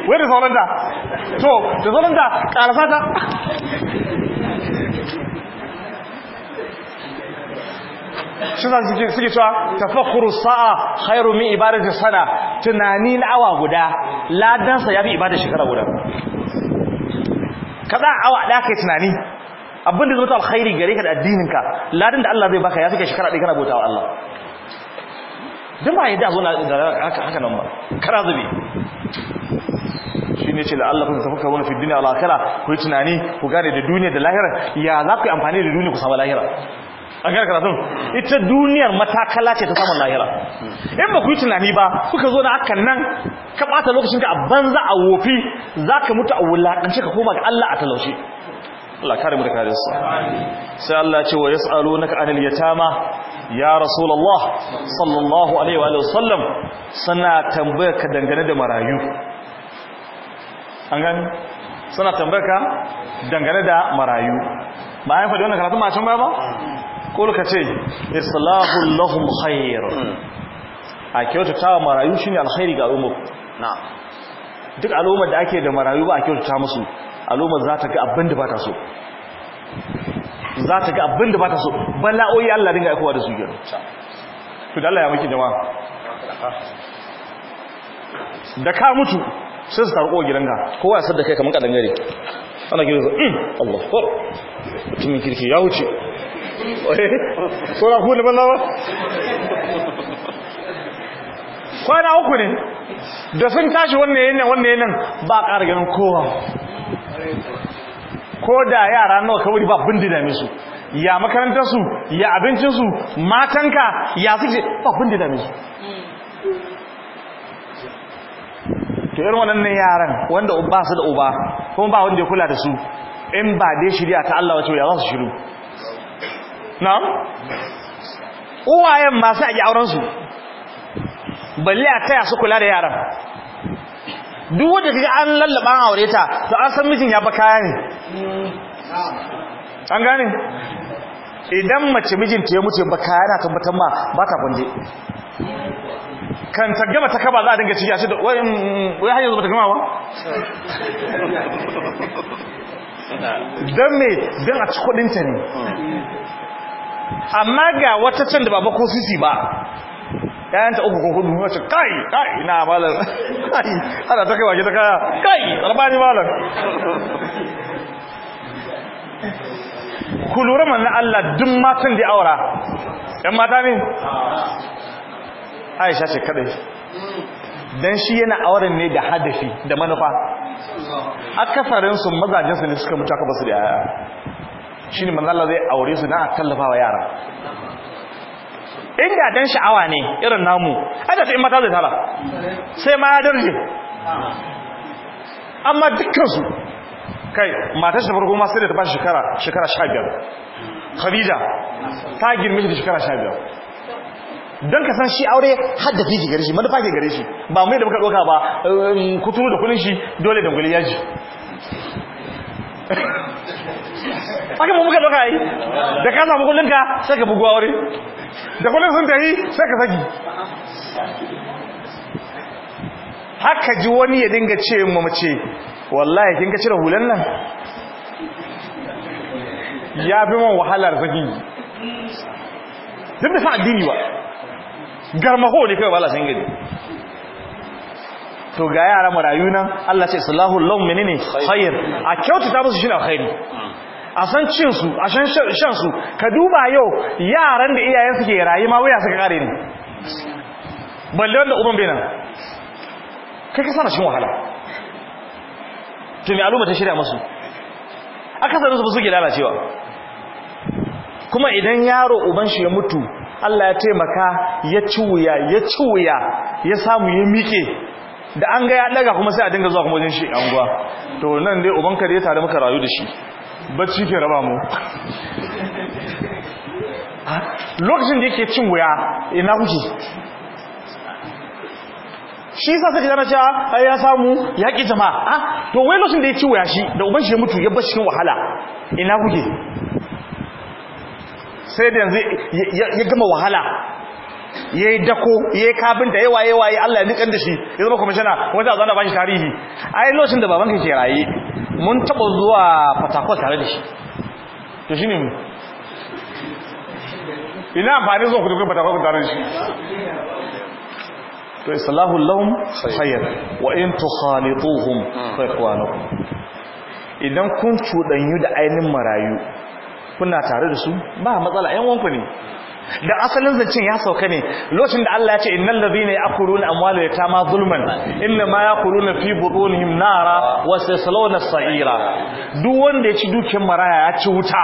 wai da sauranta to da sauranta karasa ta shi za su suke cewa tafakkur sa'a khairu min ibadati sana tunani na awa guda ladansa ya fi ibada shekara guda kada awa ɗaya kai tunani abin da zama alkhairi gare ka da addininka ladin da Allah zai baka ya suke shekara ɗaya kana bautawa Allah duk ba yadda zuwa da haka haka nan ba kara zubi shine ce la'allakum tafakkaruna fi duniya wal akhirah ku yi tunani ku gane da duniya da lahira ya za ku yi amfani da duniya ku samu lahira a gara karatun ita duniyar matakala ce ta samun lahira in ba ku yi tunani ba suka zo na hakan nan ka ɓata lokacin ka a banza a wofi za ka mutu a wulaƙance ka koma ga Allah a talauci Allah kare mu da kare su sai Allah ce wa yas'alunaka anil yatama ya rasulullah sallallahu alaihi wa sallam suna tambayar ka dangane da marayu an gani suna tambayar ka dangane da marayu ba an fadi wannan karatu ma can ba ba ko ka ce islahul lahum khair a kyautata wa marayu shine alkhairi ga na duk al'ummar da ake da marayu ba a kyautata musu al'ummar za ta ga abin da ba ta so za ta ga abin da ba ta so bala'o'i Allah dinga aikowa da su gero to da Allah ya maki jama'a da ka mutu sai su tarko gidanka kowa ya sadda kai kamar kadan gare ana gido mm, Allah kwar mutumin kirki ya wuce sauran kuma ban ba kwana uku ne da sun tashi wannan nan, wannan yanin ba ƙara ganin kowa ko da yara nawa kawai ba abin da dame su ya makarantarsu ya abincinsu matanka ya suke ba abin da dame su to irin wannan yaran wanda ba su da uba kuma ba wanda ya kula da su in ba dai shirya ta Allah wace ya za su shiru Na? uwayen masu a auren su balle a taya su kula da yaran duk wanda kaga an lallaba an aure ta to an san mijin ya ba kaya ne an gane idan mace mijinta ya mutu ba kaya na tabbatar ma ba ta kunje kan ta gama ta kaba za a dinga ciki a cikin wai mm, wai hanyar zuba ta gama ba don me don a ci kudinta ne amma ga wata can da ba ko sisi ba ta uku ko hudu wace kai kai ina malam kai ana ta kai waje ta kaya kai albani malam ku lura manna Allah duk matan da aura ɗan mata ne Aisha ce kadai dan shi yana auren ne da hadafi da manufa akasarin su mazajin su ne suka mutu aka basu da yaya shine manzo Allah zai aure su na tallafawa yara inda dan sha'awa ne irin namu ada sai mata zai tara sai ma ya darje amma dukkan su kai matar shi farko ma da ta ba shekara shekara biyar. Khadija ta girme shi da shekara sha biyar. Don ka san shi aure haddafi ji gare shi manufa ke gare shi ba mai da muka doka ba um, kuturu da kullun shi dole da gulli yaji haka mu muka doka yi da ka samu kullun ka sai ka bugu aure da kullum sun tafi sai ka saki haka ji wani ya dinga ce mu mace wallahi kin ka cire hulan nan ya fi man wahalar zagi. duk da sa addini ba garmaho ne kai wala sun gani to ga yara marayu nan Allah ce salahu lahum menene khair a kyautata musu shi na khairi a san cinsu a san shansu ka duba yau yaran da iyayen suke rayu ma waya suka kare ne balle wanda uban bai nan kai ka sana cikin wahala to me aluma ta shirya musu sanar su suke lalacewa kuma idan yaro uban shi ya mutu Allah ya taimaka ya ciwuya ya ciwuya ya samu ya miƙe da an ga ya daga kuma sai a dinga zuwa kuma wajen shi anguwa to nan dai ka da ya tare maka rayu da shi bacci ke raba mu lokacin da yake cin wuya ina kuke shi sa sai gidana cewa ya samu ya ƙi jama'a ah, to wai lokacin da ya ci wuya shi da uban shi ya mutu ya bar cikin wahala ina kuke sai da yanzu ya gama wahala yayi dako yayi ta yawa yawa ya Allah ya nikar da shi ya zama kwamishina wata a zana shi tarihi yi lokacin da baban kai ke raye mun taba zuwa fatakwa tare da shi to ne mu ina amfani zuwa kudu Port Harcourt tare da shi to islahu lahum khayr wa in tukhalituhum fa ikhwanukum idan kun cudanyu da ainin marayu kuna tare da su ba matsala yan wanku ne da asalin zancen ya sauka ne lokacin da Allah ya ce innal ladhina ya'kuluna amwala yatama zulman inna ma ya'kuluna fi butunihim nara wa sa'ira duk wanda ya ci dukiyar maraya ya ci wuta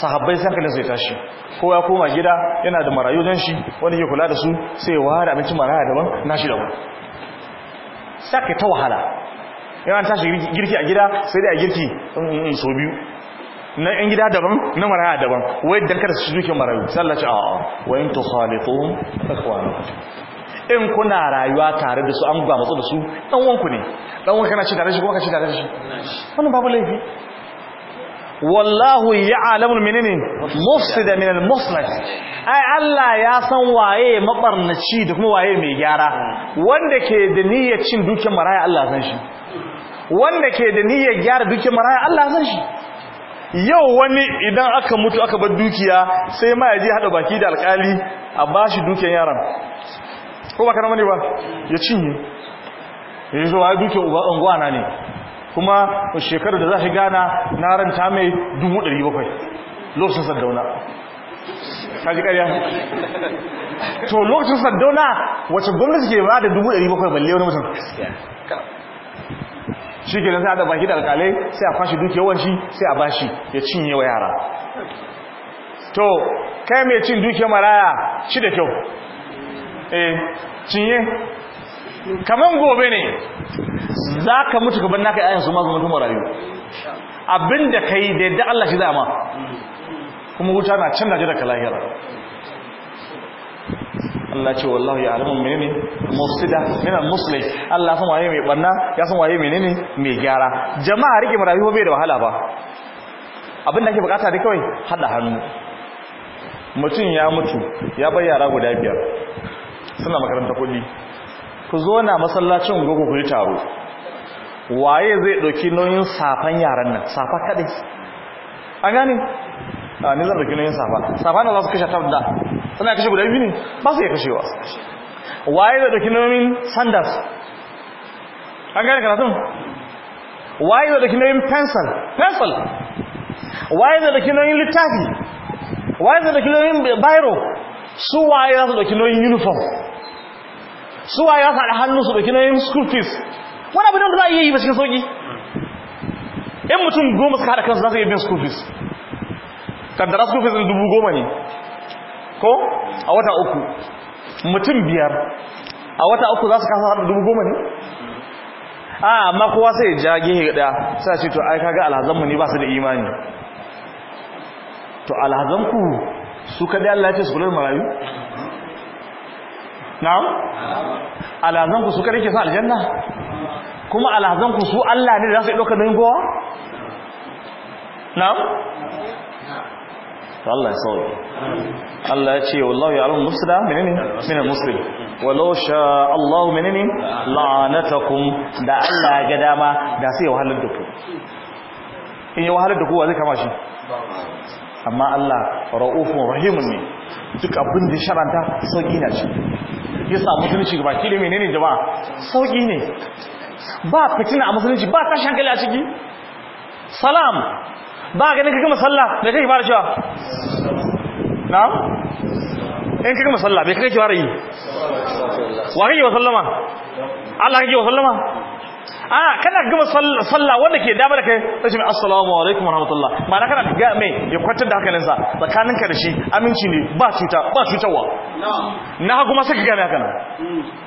sahabbai sai na zai tashi ko ya koma gida yana da marayu don shi wanda yake kula da su sai ware abincin maraya daban nashi daban sai ta wahala yawan tashi girki a gida sai dai a girki mm, mm, mm, so biyu na yan gida daban na maraya daban wai dankar su duke marayu sallaci a'a wa in tukhaliquhum ikhwanukum in kuna rayuwa tare da su an ba matsu da su dan wanku ne dan wanka kana ci tare shi kuma ka ci tare shi wannan babu laifi wallahu ya'lamul menene mufsida min al-muslih ai Allah ya san waye mabarnaci da kuma waye mai gyara wanda ke da niyyar cin dukiyar maraya Allah san shi wanda ke da niyyar gyara dukiyar maraya Allah san shi yau wani idan aka mutu aka bar dukiya sai ma ya hada baki da alkali a bashi dukiyar yaran ko ba kana mani ba ya cinye ya zo ya dukiyar unguwana ne kuma shekarar da za ka gana na ranta mai 700 lokacin sardauna ji karya to lokacin sardauna wacce gwamnati ke ba da 700 balle wani mutum shi ke sai da baki da alkalai sai a fashi duk yawanci sai a bashi ya cinye wa yara to kai mai cin duke maraya shi da kyau eh cinye kaman gobe ne za ka mutu gaban naka yayin su mazu mutum marayu abinda ka yi da yadda Allah shi zama. kuma wuta na can da da kalahira Allah ce wallahu ya alamun menene Musida. min al-muslih Allah san waye mai barna ya san waye menene mai gyara jama'a rike marayu bai da wahala ba abin da ake bukata da kawai hada hannu mutum ya mutu ya bar yara guda biyar suna makaranta kuɗi ku zo na masallacin gogo ku taro waye zai ɗauki nauyin safan yaran nan safa kadai an gane a ni zan ɗauki nauyin safa safa na za su kashe tabda suna kashe guda biyu ne ba su iya kashewa waye da ɗauki nomin sanders an gane karatun waye da ɗauki nomin pencil pencil waye da ɗauki nomin littafi waye da ɗauki nomin biro su waye za su ɗauki nomin uniform su waye za su haɗa hannu su ɗauki nomin school fees wani abu da za a yi ba cikin sauki in mutum goma suka haɗa kansu za su iya bin school fees kaddara school fees dubu goma ne ko a wata uku mutum biyar a wata uku za su kasa haɗa dubu goma ne a amma kowa sai ya ja gehe ɗaya sai ce to ai kaga alhazanmu ne ba su da imani to alhazanku su kaɗai Allah ce su kula da marayu na'am alhazanku su kaɗai ke sa aljanna kuma alhazanku su Allah ne da za su yi ɗaukar nan kowa na'am Allah ya sauri. Allah ya ce wallahu ya'lamu musda menene min muslim walau sha Allah menene la'anatakum da Allah ya ga dama da sai wahalar da ku in ya wahalar da ku wa zai kama shi amma Allah ra'ufun rahimun ne duk abin da sharanta sauki na shi ya sa musulunci gaba ki da menene jama'a sauki ne ba fitina a musulunci ba tashin hankali a ciki salam ba ganin ka gama sallah me kake fara cewa na'am in ka gama sallah me kake fara yi wa kake wa sallama Allah kake wa sallama a kana gama sallah wanda ke dama da kai sai ce assalamu alaikum warahmatullah ma'ana kana ga mai ya kwantar da hankalinsa tsakaninka da shi aminci ne ba cuta ba cutarwa na kuma sai gane haka nan hmm.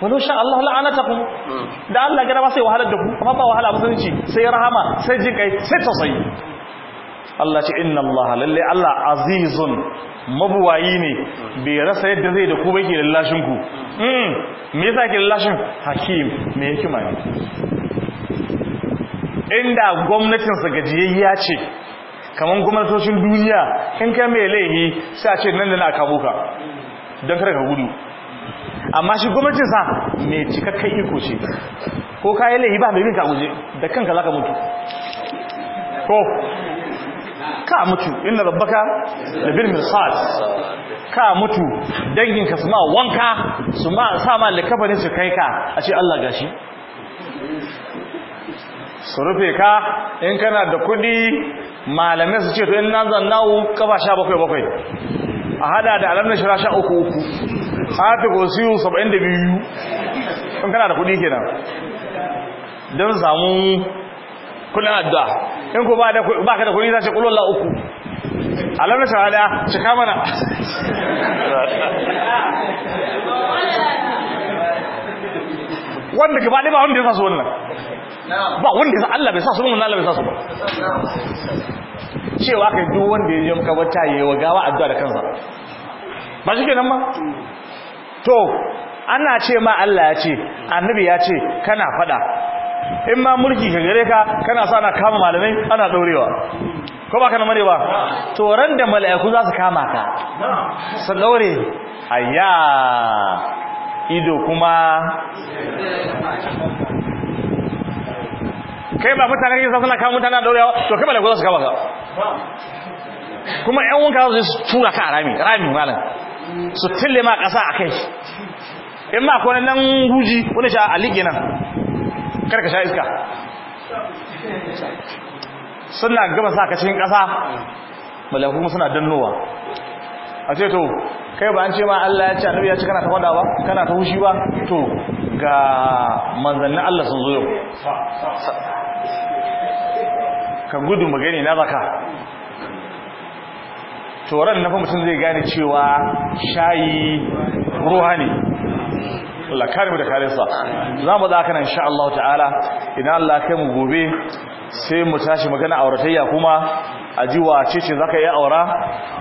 wani sha Allah la'anatakum hmm. da Allah gara ba sai wahalar da ku amma ba wahala musulunci sai rahama sai jin kai sai tausayi Allah ce inna Allah lalle Allah azizun mabuwayi ne bai rasa yadda zai da ku bai ke lallashin ku hmm. me yasa ke lallashin hakim me hikima ne inda gwamnatin sa gajiyayya ce kaman gwamnatocin duniya in kai mai laihi sai a ce nan da na kabo ka don kada ka gudu amma shi gwamnatin sa mai cikakken iko ce ko kayan laifi ba mai binka guje da kanka za ka mutu ko ka mutu inna rabbaka labil mirsad ka mutu danginka su ma wanka su ma sa ma likafanin su kai ka a ce Allah gashi su rufe ka in kana da kudi malamai su ce to in na zannawu kafa sha bakwai bakwai a hada da alamna shira sha uku uku atiku wasiyun 72 in kana da kudi kenan don samu kullun addu'a in ku ba ka da kudi za ce kulun uku alamun shahada cika mana wanda gaba faɗi ba wanda ya sa su wannan ba wanda ya sa Allah bai sa su wannan Allah bai sa su ba cewa kai duk wanda ya yi makabarta yayi wa gawa addu'a da kansa ba shi kenan ma to ana ce ma Allah ya ce annabi ya ce kana fada in ma mulki ka gare ka kana sa ana kama malamai ana daurewa ko ba kana mare ba to ran da mala'iku za su kama ka su daure ayya ido kuma kai ba mutane kake suna kama mutane na daurewa to kai mala'iku za su kama ka kuma yan wanka za su tura ka a rami rami malam su fille ma ƙasa a kai in ma akwai nan guji wani sha a liƙe nan karka sha iska suna gaba sa ka cikin ƙasa malaku kuma suna dannowa a ce to kai ba an ce ma Allah ya ce annabi ya ce kana ta wada ba kana ta hushi ba to ga manzannin Allah sun zo yau ka gudu magani na zaka toron na fa mutum zai gane cewa shayi ruwa ne Allah mu da karinsa za mu zaka nan sha Allah ta'ala idan Allah kai mu gobe sai mu tashi magana auratayya kuma a ji wace ce zaka yi aura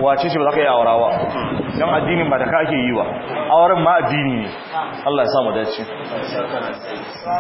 wace ce ba zaka yi aura ba dan addinin ba da ka ake yi ba auren ma addini ne Allah ya sa mu dace